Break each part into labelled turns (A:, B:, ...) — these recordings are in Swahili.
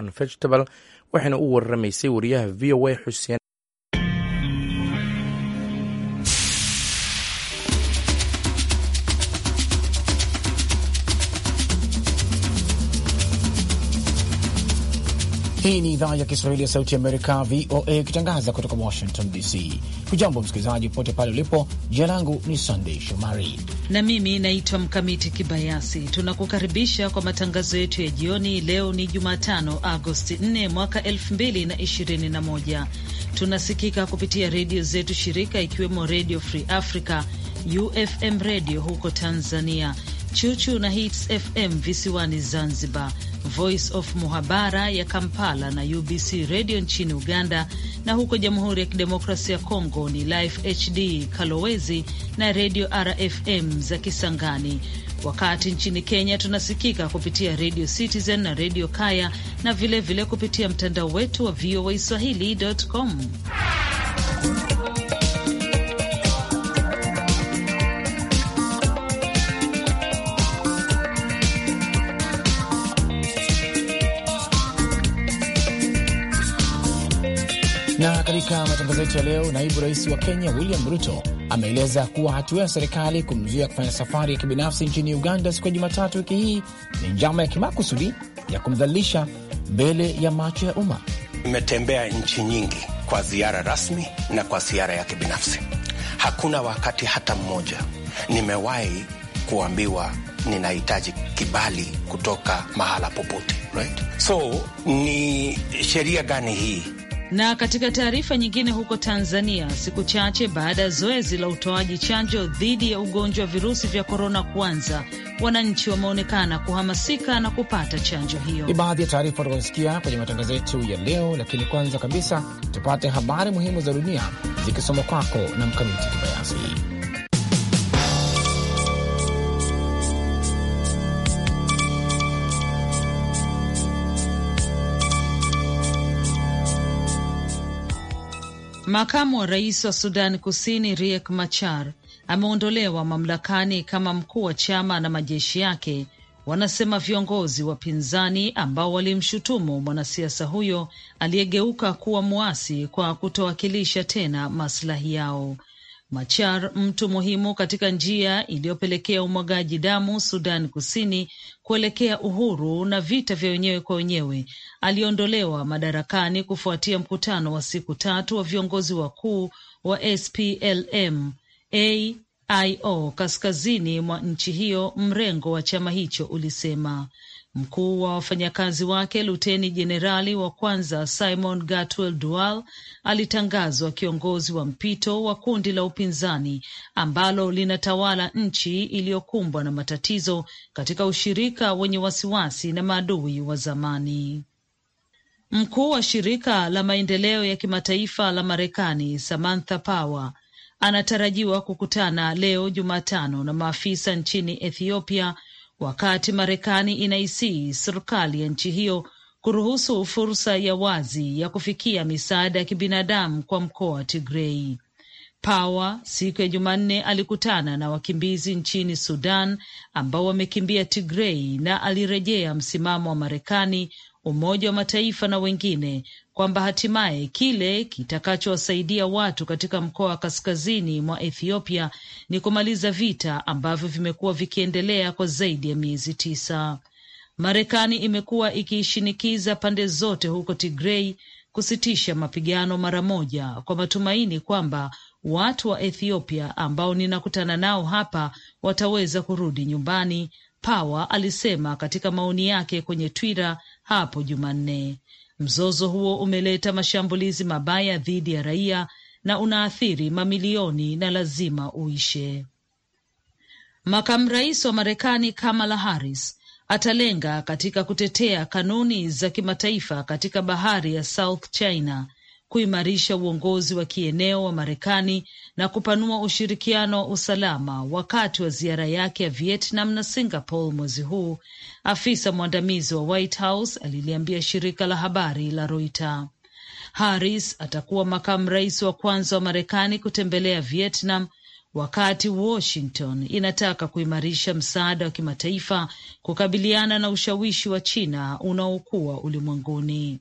A: and vegetable waxayna u warramaysay wariyaha v o a xuseen Hii ni idhaa ya Kiswahili ya Sauti Amerika, VOA, ikitangaza kutoka Washington DC. Hujambo msikilizaji, popote pale ulipo. Jina langu ni Sandei Shomari
B: na mimi naitwa Mkamiti Kibayasi. Tunakukaribisha kwa matangazo yetu ya jioni. Leo ni Jumatano, Agosti 4 mwaka 2021. Tunasikika kupitia redio zetu shirika, ikiwemo Redio Free Africa, UFM redio huko Tanzania, Chuchu na Hits FM visiwani Zanzibar, Voice of Muhabara ya Kampala na UBC Radio nchini Uganda, na huko Jamhuri ya Kidemokrasia ya Kongo ni Life HD Kalowezi na Radio RFM za Kisangani wakati nchini Kenya tunasikika kupitia redio Citizen na redio Kaya na vilevile vile kupitia mtandao wetu wa VOA Swahili.com.
A: katika matangazo yetu ya leo, naibu rais wa Kenya William Ruto ameeleza kuwa hatua ya serikali kumzuia kufanya safari ya kibinafsi nchini Uganda siku ya Jumatatu wiki hii ni njama ya kimakusudi ya kumdhalilisha mbele ya macho ya umma.
C: Nimetembea nchi nyingi kwa ziara rasmi na kwa ziara ya kibinafsi. Hakuna wakati hata mmoja nimewahi kuambiwa ninahitaji kibali kutoka mahala popote right? So ni sheria gani hii
B: na katika taarifa nyingine, huko Tanzania, siku chache baada ya zoezi la utoaji chanjo dhidi ya ugonjwa wa virusi vya korona kuanza, wananchi wameonekana kuhamasika na kupata chanjo hiyo. Ni
A: baadhi ya taarifa tutakazosikia kwenye matangazo yetu ya leo, lakini kwanza kabisa tupate habari muhimu za dunia zikisoma kwako na Mkamiti Kibayasi.
B: Makamu wa rais wa Sudan Kusini Riek Machar ameondolewa mamlakani kama mkuu wa chama na majeshi yake, wanasema viongozi wapinzani ambao walimshutumu mwanasiasa huyo aliyegeuka kuwa mwasi kwa kutowakilisha tena maslahi yao. Machar, mtu muhimu katika njia iliyopelekea umwagaji damu Sudan Kusini kuelekea uhuru na vita vya wenyewe kwa wenyewe, aliondolewa madarakani kufuatia mkutano wa siku tatu wa viongozi wakuu wa SPLM AIO kaskazini mwa nchi hiyo. Mrengo wa chama hicho ulisema Mkuu wa wafanyakazi wake luteni jenerali wa kwanza Simon Gatwel Dual alitangazwa kiongozi wa mpito wa kundi la upinzani ambalo linatawala nchi iliyokumbwa na matatizo katika ushirika wenye wasiwasi na maadui wa zamani. Mkuu wa shirika la maendeleo ya kimataifa la Marekani Samantha Power anatarajiwa kukutana leo Jumatano na maafisa nchini Ethiopia wakati Marekani inaisii serikali ya nchi hiyo kuruhusu fursa ya wazi ya kufikia misaada ya kibinadamu kwa mkoa wa Tigrei. Power siku ya Jumanne alikutana na wakimbizi nchini Sudan ambao wamekimbia Tigrei na alirejea msimamo wa Marekani Umoja wa Mataifa na wengine kwamba hatimaye kile kitakachowasaidia watu katika mkoa wa kaskazini mwa Ethiopia ni kumaliza vita ambavyo vimekuwa vikiendelea kwa zaidi ya miezi tisa. Marekani imekuwa ikiishinikiza pande zote huko Tigrei kusitisha mapigano mara moja kwa matumaini kwamba watu wa Ethiopia ambao ninakutana nao hapa wataweza kurudi nyumbani, Power alisema katika maoni yake kwenye Twitter hapo Jumanne. Mzozo huo umeleta mashambulizi mabaya dhidi ya raia na unaathiri mamilioni na lazima uishe. Makamu rais wa Marekani Kamala Harris atalenga katika kutetea kanuni za kimataifa katika bahari ya South China kuimarisha uongozi wa kieneo wa Marekani na kupanua ushirikiano wa usalama wakati wa ziara yake ya Vietnam na Singapore mwezi huu, afisa mwandamizi wa White House aliliambia shirika la habari la Reuters. Harris atakuwa makamu rais wa kwanza wa Marekani kutembelea Vietnam wakati Washington inataka kuimarisha msaada wa kimataifa kukabiliana na ushawishi wa China unaokuwa ulimwenguni.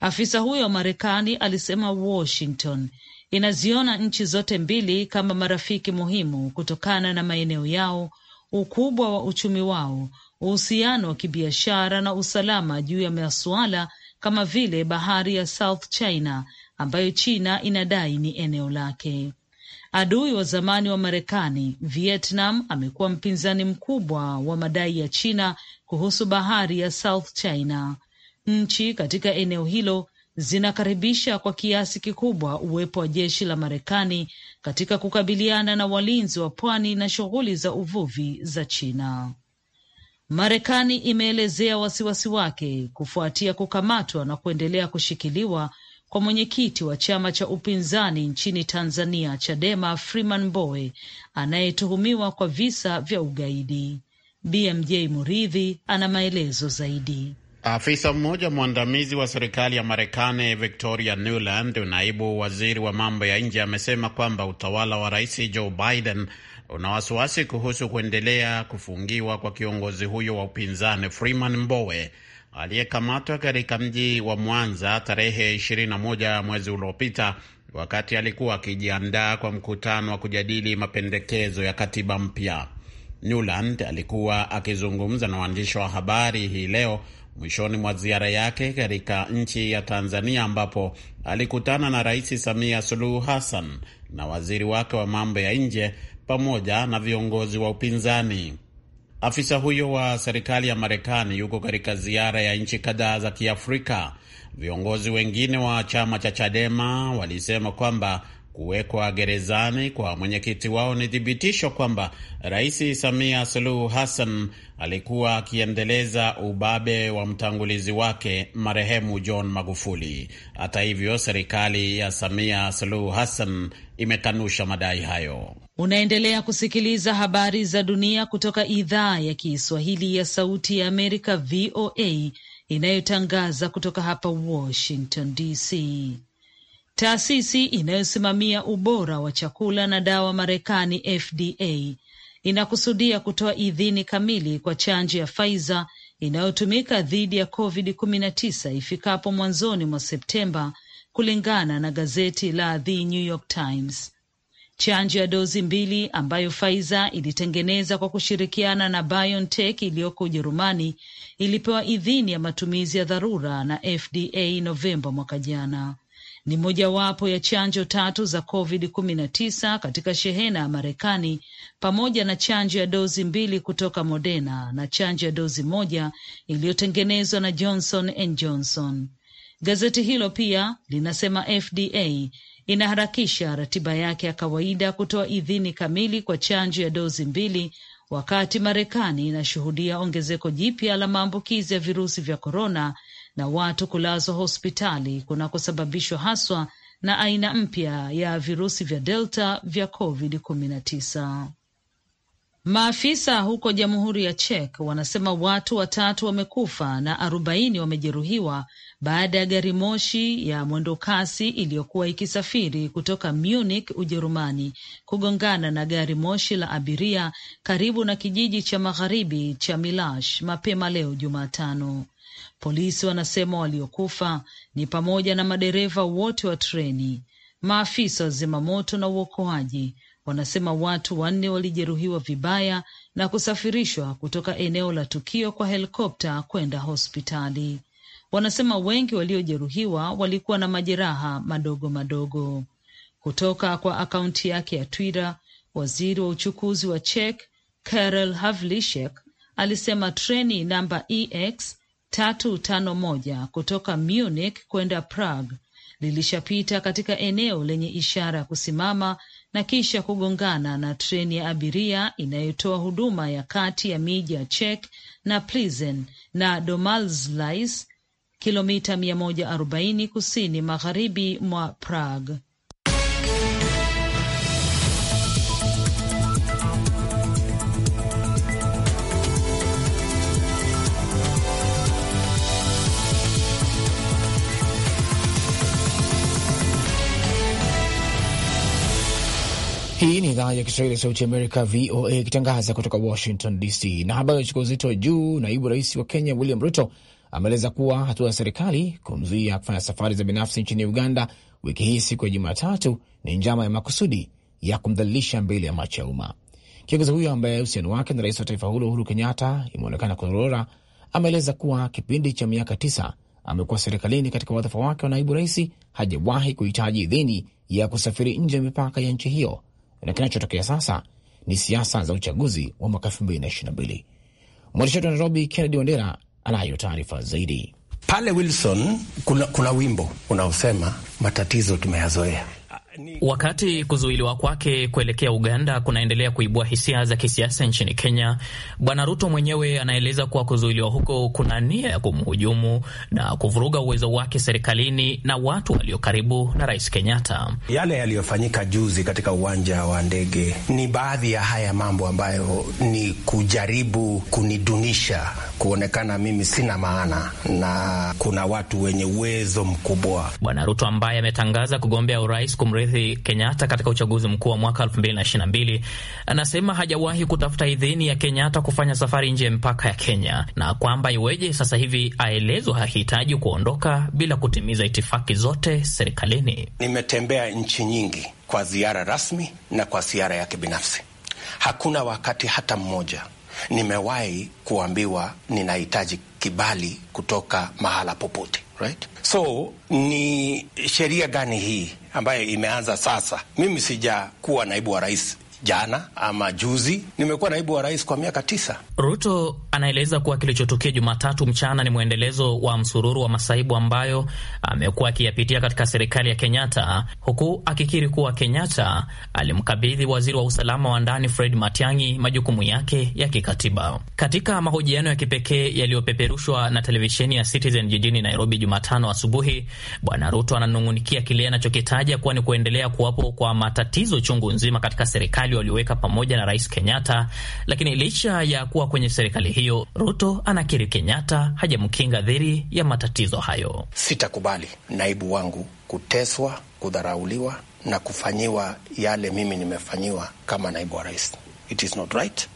B: Afisa huyo wa Marekani alisema Washington inaziona nchi zote mbili kama marafiki muhimu kutokana na maeneo yao, ukubwa wa uchumi wao, uhusiano wa kibiashara na usalama juu ya masuala kama vile bahari ya South China ambayo China inadai ni eneo lake. Adui wa zamani wa Marekani, Vietnam, amekuwa mpinzani mkubwa wa madai ya China kuhusu bahari ya South China. Nchi katika eneo hilo zinakaribisha kwa kiasi kikubwa uwepo wa jeshi la Marekani katika kukabiliana na walinzi wa pwani na shughuli za uvuvi za China. Marekani imeelezea wasiwasi wake kufuatia kukamatwa na kuendelea kushikiliwa kwa mwenyekiti wa chama cha upinzani nchini Tanzania Chadema Freeman Mbowe anayetuhumiwa kwa visa vya ugaidi. BMJ Muridhi ana maelezo zaidi.
D: Afisa mmoja mwandamizi wa serikali ya Marekani Victoria Nuland, naibu waziri wa mambo ya nje, amesema kwamba utawala wa rais Joe Biden una wasiwasi kuhusu kuendelea kufungiwa kwa kiongozi huyo wa upinzani Freeman Mbowe aliyekamatwa katika mji wa Mwanza tarehe 21 mwezi uliopita wakati alikuwa akijiandaa kwa mkutano wa kujadili mapendekezo ya katiba mpya. newland alikuwa akizungumza na waandishi wa habari hii leo mwishoni mwa ziara yake katika nchi ya Tanzania ambapo alikutana na Rais Samia Suluhu Hassan na waziri wake wa mambo ya nje pamoja na viongozi wa upinzani. Afisa huyo wa serikali ya Marekani yuko katika ziara ya nchi kadhaa za Kiafrika. Viongozi wengine wa chama cha Chadema walisema kwamba Kuwekwa gerezani kwa mwenyekiti wao ni thibitisho kwamba Rais Samia Suluhu Hassan alikuwa akiendeleza ubabe wa mtangulizi wake marehemu John Magufuli. Hata hivyo, serikali ya Samia Suluhu Hassan imekanusha madai hayo.
B: Unaendelea kusikiliza habari za dunia kutoka idhaa ya Kiswahili ya Sauti ya Amerika, VOA, inayotangaza kutoka hapa Washington DC. Taasisi inayosimamia ubora wa chakula na dawa Marekani, FDA, inakusudia kutoa idhini kamili kwa chanjo ya Pfizer inayotumika dhidi ya COVID-19 ifikapo mwanzoni mwa Septemba, kulingana na gazeti la The New York Times. Chanjo ya dozi mbili ambayo Pfizer ilitengeneza kwa kushirikiana na BioNTech iliyoko Ujerumani ilipewa idhini ya matumizi ya dharura na FDA Novemba mwaka jana ni mojawapo ya chanjo tatu za COVID-19 katika shehena ya Marekani pamoja na chanjo ya dozi mbili kutoka Moderna na chanjo ya dozi moja iliyotengenezwa na Johnson and Johnson. Gazeti hilo pia linasema FDA inaharakisha ratiba yake ya kawaida kutoa idhini kamili kwa chanjo ya dozi mbili wakati Marekani inashuhudia ongezeko jipya la maambukizi ya virusi vya korona na watu kulazwa hospitali kunakosababishwa haswa na aina mpya ya virusi vya Delta vya COVID-19. Maafisa huko Jamhuri ya Czech wanasema watu watatu wamekufa na arobaini wamejeruhiwa baada ya gari moshi ya mwendokasi iliyokuwa ikisafiri kutoka Munich, Ujerumani, kugongana na gari moshi la abiria karibu na kijiji cha magharibi cha Milash mapema leo Jumatano. Polisi wanasema waliokufa ni pamoja na madereva wote wa treni. Maafisa wa zimamoto na uokoaji wanasema watu wanne walijeruhiwa vibaya na kusafirishwa kutoka eneo la tukio kwa helikopta kwenda hospitali. Wanasema wengi waliojeruhiwa walikuwa na majeraha madogo madogo. Kutoka kwa akaunti yake ya Twitter, waziri wa uchukuzi wa Czech Karel havlishek alisema treni namba EX tatu tano moja kutoka Munich kwenda Prague lilishapita katika eneo lenye ishara ya kusimama na kisha kugongana na treni ya abiria inayotoa huduma ya kati ya miji ya chek na Plzeň na domalslis kilomita 140 kusini magharibi mwa Prague.
A: Hii ni idhaa ya Kiswahili ya sauti Amerika, VOA, ikitangaza kutoka Washington DC. Na habari yachukua uzito wa juu, naibu rais wa Kenya William Ruto ameeleza kuwa hatua ya serikali kumzuia kufanya safari za binafsi nchini Uganda wiki hii siku ya Jumatatu ni njama ya makusudi ya kumdhalilisha mbele ya macho ya umma. Kiongozi huyo ambaye uhusiano wake na rais wa taifa hilo Uhuru Kenyatta imeonekana kudorora, ameeleza kuwa kipindi cha miaka tisa amekuwa serikalini katika wadhifa wake wa naibu rais hajawahi kuhitaji idhini ya kusafiri nje ya mipaka ya nchi hiyo na kinachotokea sasa ni siasa za uchaguzi wa mwaka 2022.
C: Mwandishi wetu wa Nairobi, Kennedy Wandera, anayo taarifa zaidi. Pale Wilson kuna, kuna wimbo unaosema matatizo tumeyazoea
E: Wakati kuzuiliwa kwake kuelekea Uganda kunaendelea kuibua hisia za kisiasa nchini Kenya, Bwana Ruto mwenyewe anaeleza kuwa kuzuiliwa huko kuna nia ya kumhujumu na kuvuruga uwezo wake serikalini na watu walio karibu na Rais Kenyatta.
C: Yale yaliyofanyika juzi katika uwanja wa ndege ni baadhi ya haya mambo ambayo ni kujaribu kunidunisha, kuonekana mimi sina maana na kuna watu wenye uwezo mkubwa. Bwana
E: Ruto ambaye ametangaza kugombea urais kumrithi Rigathi Kenyatta katika uchaguzi mkuu wa mwaka 2022 anasema hajawahi kutafuta idhini ya Kenyatta kufanya safari nje ya mpaka ya Kenya na kwamba iweje sasa hivi aelezwa hahitaji kuondoka bila kutimiza itifaki zote serikalini.
C: Nimetembea nchi nyingi kwa ziara rasmi na kwa ziara yake binafsi.
E: Hakuna wakati hata mmoja
C: nimewahi kuambiwa ninahitaji kibali kutoka mahala popote right? So ni sheria gani hii ambayo imeanza sasa? Mimi sijakuwa naibu wa rais jana ama juzi. Nimekuwa naibu wa rais kwa miaka tisa.
E: Ruto anaeleza kuwa kilichotokea Jumatatu mchana ni mwendelezo wa msururu wa masaibu ambayo amekuwa akiyapitia katika serikali ya Kenyatta, huku akikiri kuwa Kenyatta alimkabidhi waziri wa usalama wa ndani Fred Matiang'i majukumu yake ya kikatiba. Katika mahojiano ya kipekee yaliyopeperushwa na televisheni ya Citizen jijini Nairobi Jumatano asubuhi, Bwana Ruto ananung'unikia kile anachokitaja kuwa ni kuendelea kuwapo kwa matatizo chungu nzima katika serikali serikali walioweka pamoja na Rais Kenyatta, lakini licha ya kuwa kwenye serikali hiyo, Ruto anakiri Kenyatta hajamkinga dhidi ya matatizo hayo.
C: Sitakubali naibu wangu kuteswa, kudharauliwa na kufanyiwa yale mimi nimefanyiwa kama naibu wa rais. It is not right.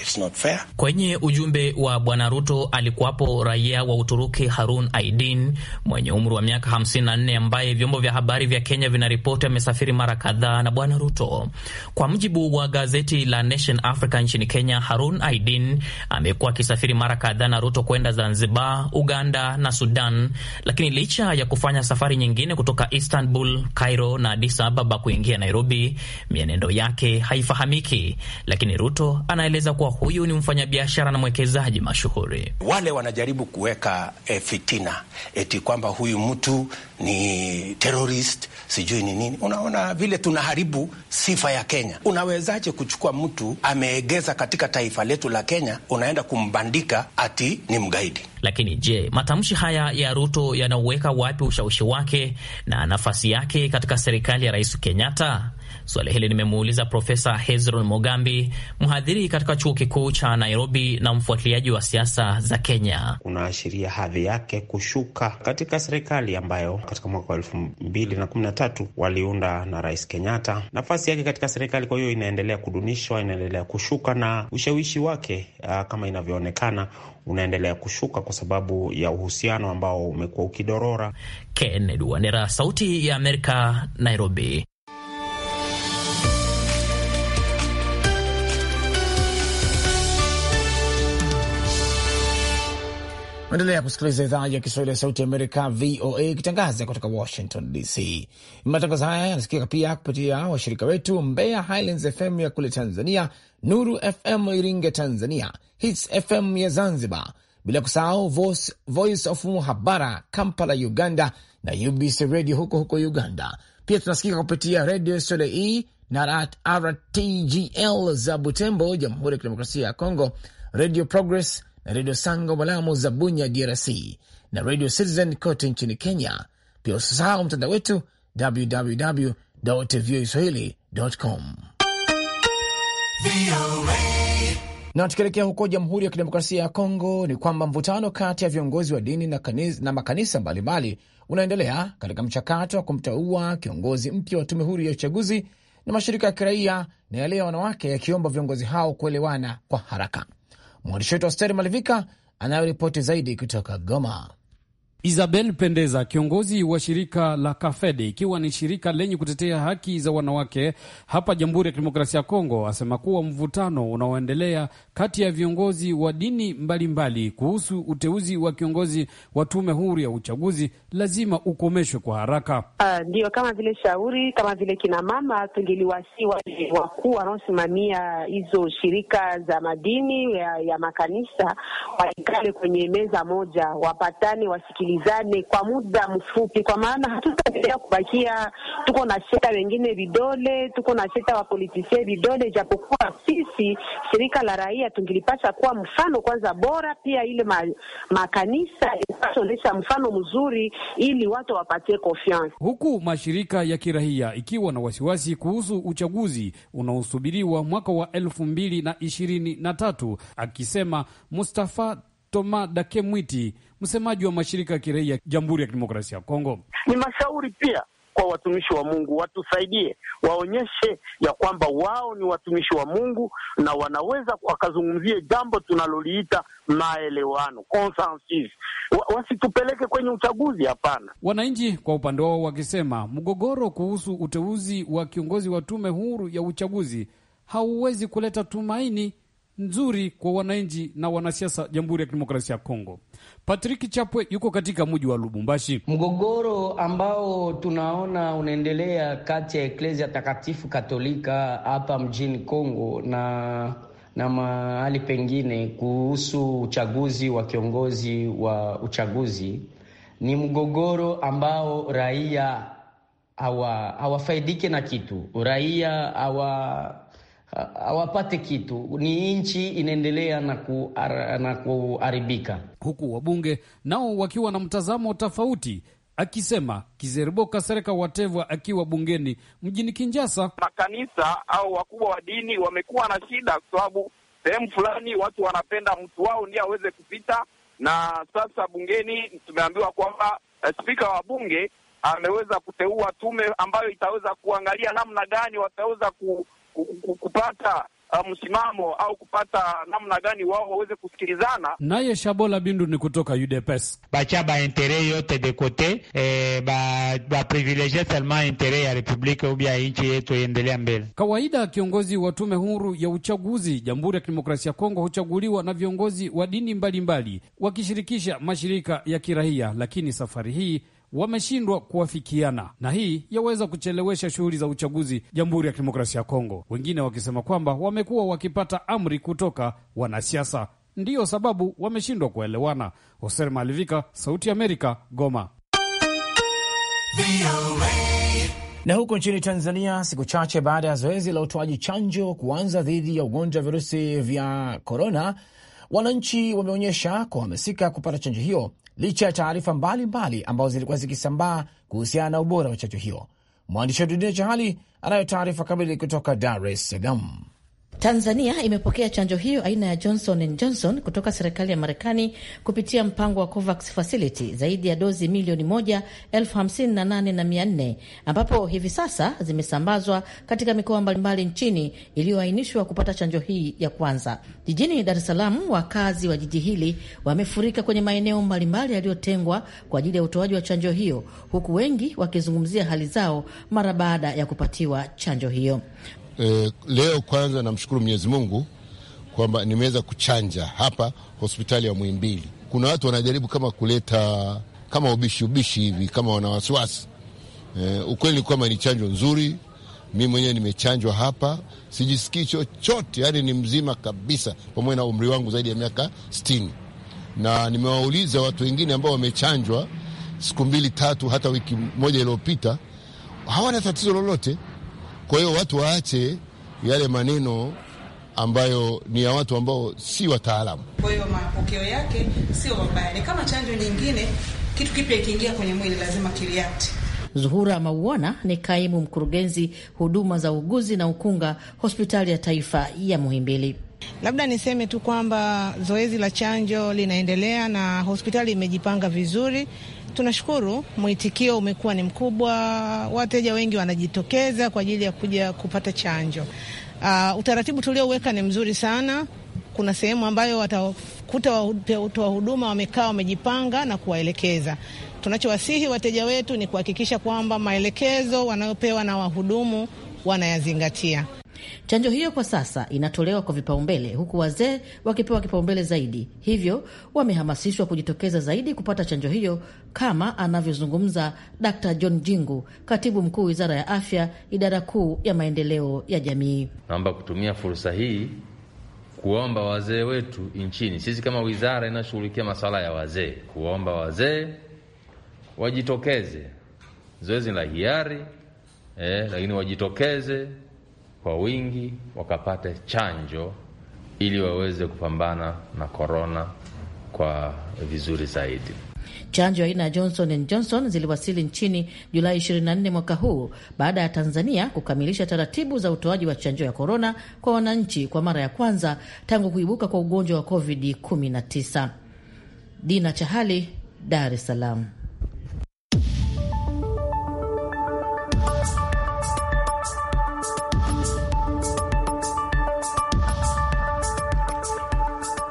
C: It's not fair.
E: Kwenye ujumbe wa Bwana Ruto alikuwapo raia wa Uturuki Harun Aidin mwenye umri wa miaka 54 ambaye vyombo vya habari vya Kenya vinaripoti amesafiri mara kadhaa na Bwana Ruto. Kwa mujibu wa gazeti la Nation Africa nchini Kenya, Harun Aidin amekuwa akisafiri mara kadhaa na Ruto kwenda Zanzibar, Uganda na Sudan, lakini licha ya kufanya safari nyingine kutoka Istanbul, Cairo na Addis Ababa kuingia Nairobi, mienendo yake haifahamiki, lakini Ruto anaeleza kuwa huyu ni mfanyabiashara na mwekezaji mashuhuri.
C: Wale wanajaribu kuweka e, fitina eti kwamba huyu mtu ni terrorist, sijui ni nini. Unaona vile tunaharibu sifa ya Kenya. Unawezaje kuchukua mtu ameegeza katika taifa letu la Kenya, unaenda kumbandika ati ni mgaidi?
E: Lakini je, matamshi haya ya Ruto yanauweka wapi ushawishi wake na nafasi yake katika serikali ya Rais Kenyatta? Swali hili nimemuuliza Profesa Hezron Mogambi, mhadhiri katika chuo kikuu cha Nairobi na mfuatiliaji wa siasa za Kenya.
D: Kunaashiria hadhi yake kushuka katika serikali ambayo katika mwaka wa elfu mbili na kumi na tatu waliunda na Rais Kenyatta. Nafasi yake katika serikali kwa hiyo inaendelea kudunishwa, inaendelea kushuka na ushawishi wake uh, kama inavyoonekana unaendelea kushuka kwa sababu ya uhusiano ambao umekuwa ukidorora. Kennedy
E: Wandera, Sauti ya Amerika,
D: Nairobi.
A: endelea kusikiliza idhaa ya Kiswahili ya Sauti ya Amerika, VOA, ikitangaza kutoka Washington DC. Matangazo haya yanasikika pia kupitia washirika wetu Mbeya Highlands FM ya kule Tanzania, Nuru FM Iringa Tanzania, Hits FM ya Zanzibar, bila kusahau Voice, Voice of Muhabara Kampala Uganda na UBC Radio huko huko Uganda. Pia tunasikika kupitia Radio Soleil na RTGL za Butembo, Jamhuri ya Kidemokrasia ya Kongo, Radio Progress na redio Sango Malamu za Bunya, DRC, na redio Citizen kote nchini Kenya. Pia usisahau mtandao wetu www voa swahili com. Na tukielekea huko Jamhuri ya Kidemokrasia ya Kongo, ni kwamba mvutano kati ya viongozi wa dini na, kaniz, na makanisa mbalimbali unaendelea katika mchakato wa kumteua kiongozi mpya wa tume huru ya uchaguzi na mashirika ya kiraia na yale ya wanawake yakiomba viongozi hao kuelewana kwa haraka. Mwandishi wetu Asteri Malivika anayoripoti zaidi kutoka Goma.
F: Isabel Pendeza, kiongozi wa shirika la Kafede, ikiwa ni shirika lenye kutetea haki za wanawake hapa Jamhuri ya Kidemokrasia ya Kongo, asema kuwa mvutano unaoendelea kati ya viongozi wa dini mbalimbali mbali kuhusu uteuzi wa kiongozi wa tume huru ya uchaguzi lazima ukomeshwe kwa haraka.
G: Ah, Ndiyo, kama vile shauri kama vile kinamama tungeliwasi wakuu wanaosimamia hizo shirika za madini ya, ya makanisa waikale kwenye meza moja, wapatane wasiki tusikilizane kwa muda mfupi, kwa maana hatutaendelea kubakia tuko na sheta wengine vidole, tuko na sheta wa politisie vidole, japokuwa sisi shirika la raia tungilipasha kuwa mfano kwanza bora, pia ile ma, makanisa onyesha mfano mzuri ili watu wapatie confiance, huku
F: mashirika ya kirahia ikiwa na wasiwasi kuhusu uchaguzi unaosubiriwa mwaka wa elfu mbili na ishirini na tatu, akisema Mustafa Toma Dake Mwiti, msemaji wa mashirika ya kiraia ya Jamhuri ya Kidemokrasia ya Kongo.
C: Ni mashauri pia kwa watumishi wa Mungu, watusaidie, waonyeshe ya kwamba wao ni watumishi wa Mungu na wanaweza wakazungumzie jambo tunaloliita maelewano consensus. wasitupeleke kwenye uchaguzi, hapana.
F: Wananchi kwa upande wao wakisema mgogoro kuhusu uteuzi wa kiongozi wa tume huru ya uchaguzi hauwezi kuleta tumaini nzuri kwa wananchi na wanasiasa Jamhuri ya Kidemokrasia ya Kongo. Patrick Chapwe yuko katika mji wa Lubumbashi. Mgogoro ambao tunaona unaendelea kati ya Eklezia Takatifu
E: Katolika hapa mjini Kongo na na mahali pengine kuhusu uchaguzi wa kiongozi wa uchaguzi ni mgogoro ambao raia hawafaidike hawa na kitu, raia
F: hawa hawapate kitu, ni nchi inaendelea na, kuar, na kuharibika, huku wabunge nao wakiwa na mtazamo tofauti, akisema Kizeriboka Sereka Watevwa akiwa bungeni mjini Kinjasa. Makanisa au wakubwa wa dini wamekuwa na shida, kwa sababu sehemu fulani watu wanapenda
C: mtu wao ndiye aweze kupita, na sasa bungeni tumeambiwa kwamba eh, spika wa bunge ameweza kuteua tume ambayo itaweza kuangalia namna gani wataweza ku kupata uh, msimamo au kupata namna gani wao waweze
F: kusikilizana. Naye Shabola Bindu ni kutoka UDPS bacha ba intere yote de kote eh, ba, ba privilege selma intere ya republike ubia nchi yetu iendelea mbele. Kawaida kiongozi wa tume huru ya uchaguzi Jamhuri ya Kidemokrasia ya Kongo huchaguliwa na viongozi wa dini mbalimbali mbali, wakishirikisha mashirika ya kirahia, lakini safari hii wameshindwa kuwafikiana, na hii yaweza kuchelewesha shughuli za uchaguzi Jamhuri ya Kidemokrasia ya Kongo, wengine wakisema kwamba wamekuwa wakipata amri kutoka wanasiasa, ndiyo sababu wameshindwa kuelewana. Hoser Malivika, Sauti ya Amerika, Goma. Na huko nchini Tanzania, siku chache baada ya
A: zoezi la utoaji chanjo kuanza dhidi ya ugonjwa wa virusi vya korona, wananchi wameonyesha kuhamasika kupata chanjo hiyo licha ya taarifa mbalimbali ambazo zilikuwa zikisambaa kuhusiana na ubora wa chanjo hiyo. Mwandishi wa Dunia Chahali anayo taarifa kamili
H: kutoka Dar es Salaam. Tanzania imepokea chanjo hiyo aina ya Johnson and Johnson kutoka serikali ya Marekani kupitia mpango wa COVAX Facility, zaidi ya dozi milioni moja elfu hamsini na nane na mia nne ambapo hivi sasa zimesambazwa katika mikoa mbalimbali nchini iliyoainishwa kupata chanjo hii ya kwanza. Jijini Dar es Salaam, wakazi wa jiji hili wamefurika kwenye maeneo mbalimbali yaliyotengwa kwa ajili ya utoaji wa chanjo hiyo, huku wengi wakizungumzia hali zao mara baada ya kupatiwa chanjo hiyo
C: eh, leo kwanza namshukuru Mwenyezi Mungu kwamba nimeweza kuchanja hapa hospitali ya Muhimbili. Kuna watu wanajaribu kama kuleta kama ubishi ubishi hivi kama wana wasiwasi eh, ukweli ni kwamba ni chanjo nzuri. Mi mwenyewe nimechanjwa hapa, sijisikii chochote, yaani ni mzima kabisa, pamoja na umri wangu zaidi ya miaka sitini. Na nimewauliza watu wengine ambao wamechanjwa siku mbili tatu, hata wiki moja iliyopita, hawana tatizo lolote. Kwa hiyo watu waache yale maneno ambayo ni ya watu ambao si wataalamu.
G: Kwa hiyo mapokeo yake sio mabaya, ni kama chanjo nyingine. Kitu kipya ikiingia kwenye mwili
H: lazima kiliati Zuhura Mauona ni kaimu mkurugenzi huduma za uguzi na ukunga hospitali ya taifa ya Muhimbili. Labda niseme tu kwamba zoezi
G: la chanjo linaendelea na hospitali imejipanga vizuri Tunashukuru mwitikio umekuwa ni mkubwa, wateja wengi wanajitokeza kwa ajili ya kuja kupata chanjo. Uh, utaratibu tulioweka ni mzuri sana. Kuna sehemu ambayo watakuta watoa huduma wamekaa wamejipanga na kuwaelekeza. Tunachowasihi wateja
H: wetu ni kuhakikisha kwamba maelekezo wanayopewa na wahudumu wanayazingatia. Chanjo hiyo kwa sasa inatolewa kwa vipaumbele, huku wazee wakipewa kipaumbele zaidi, hivyo wamehamasishwa kujitokeza zaidi kupata chanjo hiyo, kama anavyozungumza Dkt. John Jingu, katibu mkuu wizara ya afya, idara kuu ya maendeleo ya jamii.
C: Naomba kutumia fursa hii kuwaomba wazee wetu nchini, sisi kama wizara inayoshughulikia masuala ya wazee, kuwaomba wazee wajitokeze, zoezi la hiari eh, lakini wajitokeze kwa wingi wakapate chanjo ili waweze kupambana na korona kwa vizuri zaidi.
H: Chanjo aina ya Johnson and Johnson ziliwasili nchini Julai 24 mwaka huu baada ya Tanzania kukamilisha taratibu za utoaji wa chanjo ya korona kwa wananchi kwa mara ya kwanza tangu kuibuka kwa ugonjwa wa COVID-19. Dina Chahali, Dar es Salaam.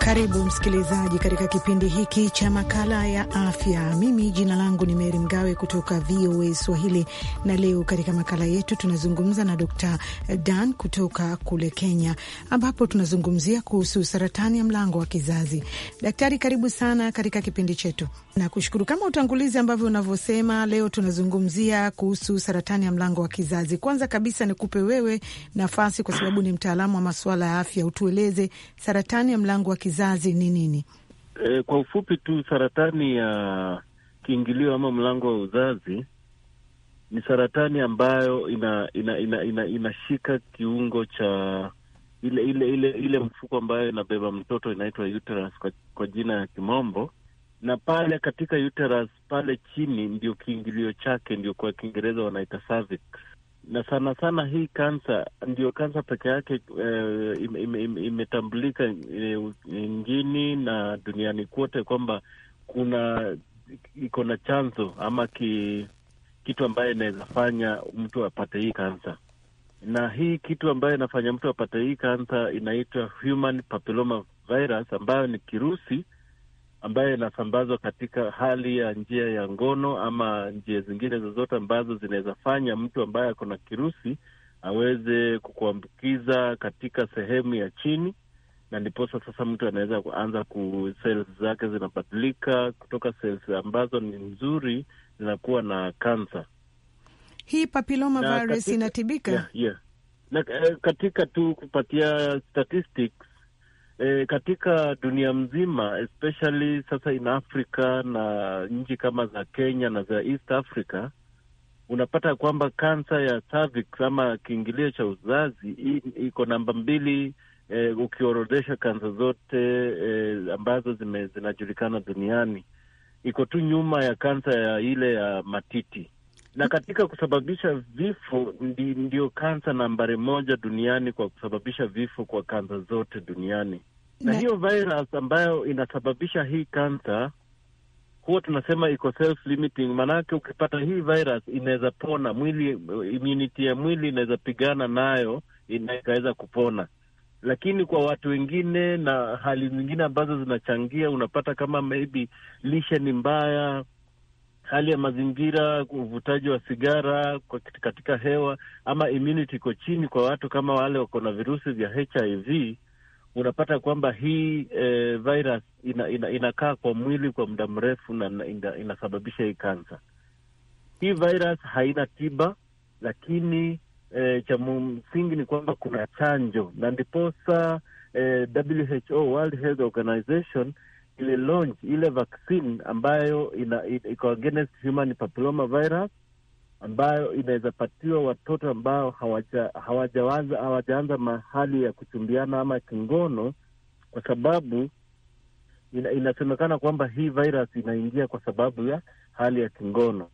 G: Karibu msikilizaji katika kipindi hiki cha makala ya afya. Mimi jina langu ni Meri Mgawe kutoka VOA Swahili, na leo katika makala yetu tunazungumza na Dr Dan kutoka kule Kenya, ambapo tunazungumzia kuhusu saratani ya mlango wa kizazi. Daktari, karibu sana katika kipindi chetu. Nakushukuru. Kama utangulizi ambavyo unavyosema, leo tunazungumzia kuhusu saratani ya mlango wa kizazi. Kwanza kabisa nikupe wewe nafasi, kwa sababu ni mtaalamu wa masuala ya afya, utueleze saratani ya mlango wa kizazi kizazi ni nini?
I: E, kwa ufupi tu saratani ya kiingilio ama mlango wa uzazi ni saratani ambayo ina, ina, ina, ina, inashika kiungo cha ile ile ile ile mfuko ambayo inabeba mtoto inaitwa uterus kwa, kwa jina ya kimombo, na pale katika uterus pale chini ndio kiingilio chake, ndio kwa Kiingereza wanaita cervix na sana sana hii kansa ndio kansa peke yake uh, imetambulika im, im, eh, im, nchini na duniani kote kwamba kuna iko na chanzo ama ki, kitu ambayo inaweza fanya mtu apate hii kansa, na hii kitu ambayo inafanya mtu apate hii kansa inaitwa human papilloma virus ambayo ni kirusi ambayo inasambazwa katika hali ya njia ya ngono ama njia zingine zozote ambazo zinaweza fanya mtu ambaye ako na kirusi aweze kukuambukiza katika sehemu ya chini, na ndiposa sasa mtu anaweza kuanza ku cells zake zinabadilika kutoka cells ambazo ni nzuri zinakuwa na kansa.
G: Hii papiloma virus inatibika, yeah,
I: yeah. Na eh, katika tu kupatia statistics e, katika dunia mzima especially sasa in Africa na nchi kama za Kenya na za East Africa unapata kwamba kansa ya cervix ama kiingilio cha uzazi iko namba mbili e, ukiorodhesha kansa zote e, ambazo zime, zinajulikana duniani iko tu nyuma ya kansa ya ile ya matiti na katika kusababisha vifo ndi, ndio kansa nambari moja duniani kwa kusababisha vifo kwa kansa zote duniani na, na hiyo virus ambayo inasababisha hii kansa huwa tunasema iko self limiting, maanake ukipata hii virus inaweza pona mwili, immunity ya mwili inaweza pigana nayo ikaweza kupona. Lakini kwa watu wengine na hali zingine ambazo zinachangia, unapata kama maybe lishe ni mbaya hali ya mazingira, uvutaji wa sigara katika hewa, ama immunity iko chini kwa watu kama wale wako na virusi vya HIV, unapata kwamba hii e, virus ina, ina, inakaa kwa mwili kwa muda mrefu na ina, inasababisha hii kansa. Hii virus haina tiba, lakini e, cha msingi ni kwamba kuna chanjo na ndiposa e, eh, WHO World Health Organization ile launch ile vaccine ambayo ina, iko against human papilloma virus ambayo inaweza patiwa watoto ambao hawajaanza hawaja hawajaanza mahali ya kuchumbiana ama kingono, kwa sababu ina, inasemekana kwamba hii virus inaingia kwa sababu ya hali ya kingono,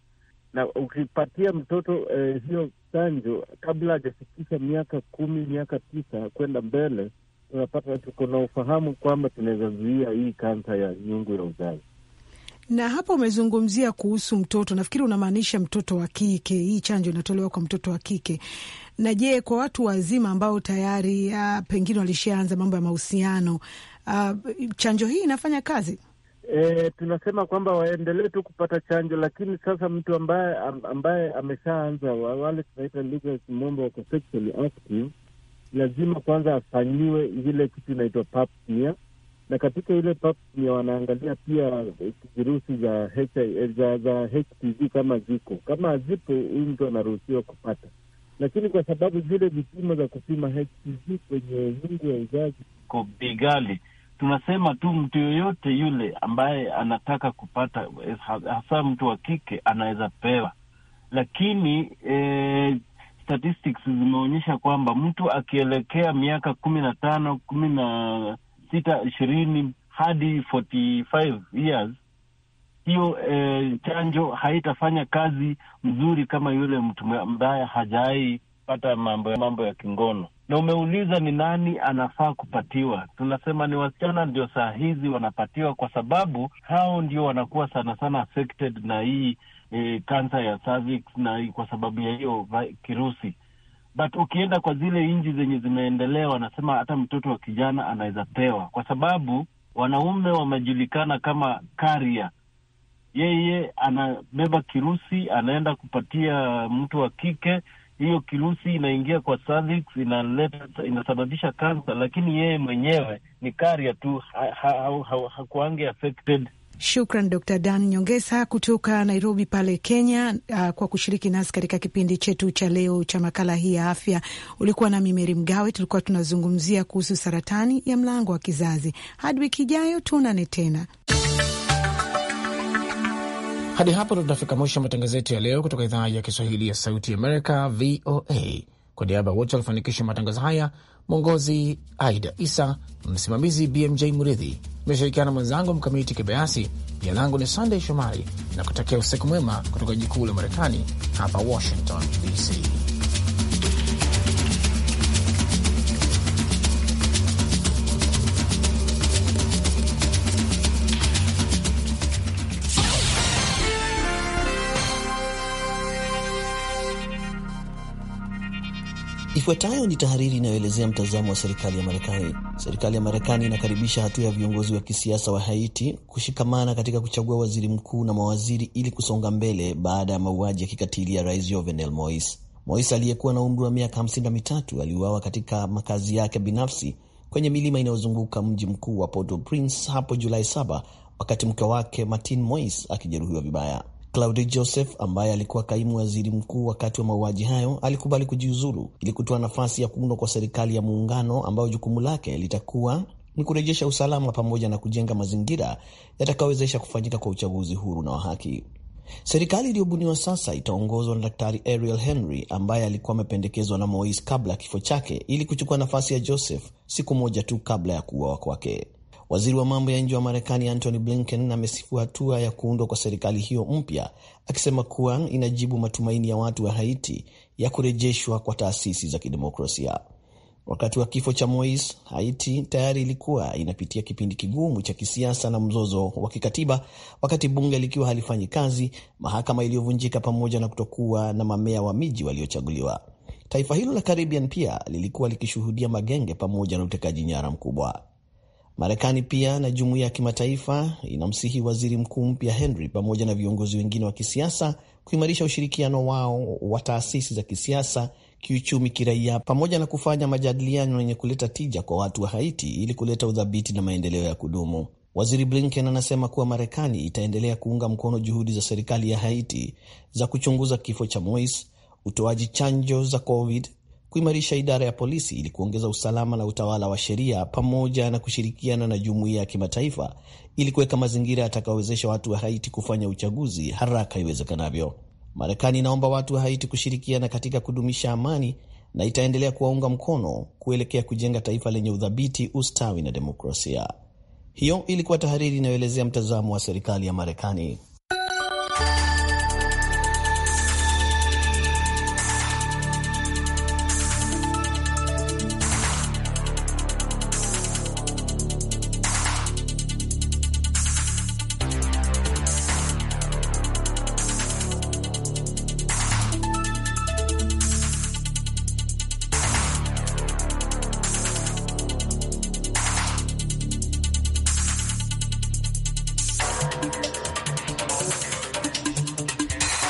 I: na ukipatia mtoto eh, hiyo chanjo kabla hajafikisha miaka kumi miaka tisa kwenda mbele unapata tuko na ufahamu kwamba tunaweza zuia hii kansa ya nyungu ya uzazi.
G: Na hapa umezungumzia kuhusu mtoto, nafikiri unamaanisha mtoto wa kike. Hii chanjo inatolewa kwa mtoto wa kike. Na je, kwa watu wazima ambao tayari uh, pengine walishaanza mambo ya mahusiano uh, chanjo hii inafanya kazi?
I: E, tunasema kwamba waendelee tu kupata chanjo, lakini sasa mtu ambaye ambaye ameshaanza wale tunaita lugha ya kimombo wako sexually active lazima kwanza afanyiwe ile kitu inaitwa pap smear, na katika ile pap smear wanaangalia pia eh, virusi za, za, za HPV kama ziko kama hazipo, huyu mtu anaruhusiwa kupata, lakini kwa sababu zile vipimo za kupima HPV kwenye nyungu ya uzazi ko bigali tunasema tu mtu yoyote yule ambaye anataka kupata, eh, hasa mtu wa kike, anaweza pewa, lakini eh, statistics zimeonyesha kwamba mtu akielekea miaka kumi na tano kumi na sita ishirini hadi 45 years hiyo eh, chanjo haitafanya kazi mzuri kama yule mtu ambaye hajawai pata mambo, mambo ya kingono. Na umeuliza ni nani anafaa kupatiwa, tunasema ni wasichana ndio saa hizi wanapatiwa, kwa sababu hao ndio wanakuwa sana sana affected na hii kansa e, ya cervix, na kwa sababu ya hiyo kirusi. But ukienda kwa zile nchi zenye zimeendelea, wanasema hata mtoto wa kijana anaweza pewa, kwa sababu wanaume wamejulikana kama karia Yeye anabeba kirusi, anaenda kupatia mtu wa kike hiyo kirusi inaingia kwa cervix, inaleta inasababisha kansa, lakini yeye mwenyewe ni karia tu, hakuange ha, ha, ha, affected
G: Shukran Dr Dan Nyongesa kutoka Nairobi pale Kenya, uh, kwa kushiriki nasi katika kipindi chetu cha leo cha makala hii ya afya. Ulikuwa nami Meri Mgawe, tulikuwa tunazungumzia kuhusu saratani ya mlango wa kizazi. Hadi wiki ijayo, tuonane tena.
A: Hadi hapo ndo tunafika mwisho wa matangazo yetu ya leo kutoka idhaa ya Kiswahili ya Sauti Amerika, VOA. Kwa niaba ya wote walifanikisha matangazo haya mwongozi Aida Isa, msimamizi BMJ Muridhi. Imeshirikiana mwenzangu Mkamiti Kibayasi. Jina langu ni Sandey Shomari na kutakia usiku mwema kutoka jikuu la Marekani, hapa Washington DC.
J: Ifuatayo ni tahariri inayoelezea mtazamo wa serikali ya Marekani. Serikali ya Marekani inakaribisha hatua ya viongozi wa kisiasa wa Haiti kushikamana katika kuchagua waziri mkuu na mawaziri ili kusonga mbele baada ya mauaji ya kikatili ya rais Jovenel Moise. Moise aliyekuwa na umri wa miaka hamsini na mitatu aliuawa katika makazi yake binafsi kwenye milima inayozunguka mji mkuu wa Port-au-Prince hapo Julai 7 wakati mke wake Martin Moise akijeruhiwa vibaya. Claude Joseph ambaye alikuwa kaimu waziri mkuu wakati wa mauaji hayo alikubali kujiuzulu ili kutoa nafasi ya kuundwa kwa serikali ya muungano ambayo jukumu lake litakuwa ni kurejesha usalama pamoja na kujenga mazingira yatakayowezesha kufanyika kwa uchaguzi huru na wa haki. Serikali iliyobuniwa sasa itaongozwa na Daktari Ariel Henry ambaye alikuwa amependekezwa na mois kabla ya kifo chake ili kuchukua nafasi ya Joseph siku moja tu kabla ya kuuawa kwake. Waziri wa mambo ya nje wa Marekani Antony Blinken amesifu hatua ya kuundwa kwa serikali hiyo mpya, akisema kuwa inajibu matumaini ya watu wa Haiti ya kurejeshwa kwa taasisi za kidemokrasia. Wakati wa kifo cha Mois, Haiti tayari ilikuwa inapitia kipindi kigumu cha kisiasa na mzozo wa kikatiba, wakati bunge likiwa halifanyi kazi, mahakama iliyovunjika, pamoja na kutokuwa na mamea wa miji waliochaguliwa. Taifa hilo la Caribbean pia lilikuwa likishuhudia magenge pamoja na utekaji nyara mkubwa. Marekani pia na jumuiya ya kimataifa inamsihi waziri mkuu mpya Henry pamoja na viongozi wengine wa kisiasa kuimarisha ushirikiano wao wa taasisi za kisiasa, kiuchumi, kiraia pamoja na kufanya majadiliano yenye kuleta tija kwa watu wa Haiti ili kuleta udhabiti na maendeleo ya kudumu. Waziri Blinken anasema kuwa Marekani itaendelea kuunga mkono juhudi za serikali ya Haiti za kuchunguza kifo cha Mois, utoaji chanjo za COVID kuimarisha idara ya polisi ili kuongeza usalama na utawala wa sheria pamoja na kushirikiana na jumuiya ya kimataifa ili kuweka mazingira yatakayowezesha watu wa Haiti kufanya uchaguzi haraka iwezekanavyo. Marekani inaomba watu wa Haiti kushirikiana katika kudumisha amani na itaendelea kuwaunga mkono kuelekea kujenga taifa lenye udhabiti, ustawi na demokrasia. Hiyo ilikuwa tahariri inayoelezea mtazamo wa serikali ya Marekani.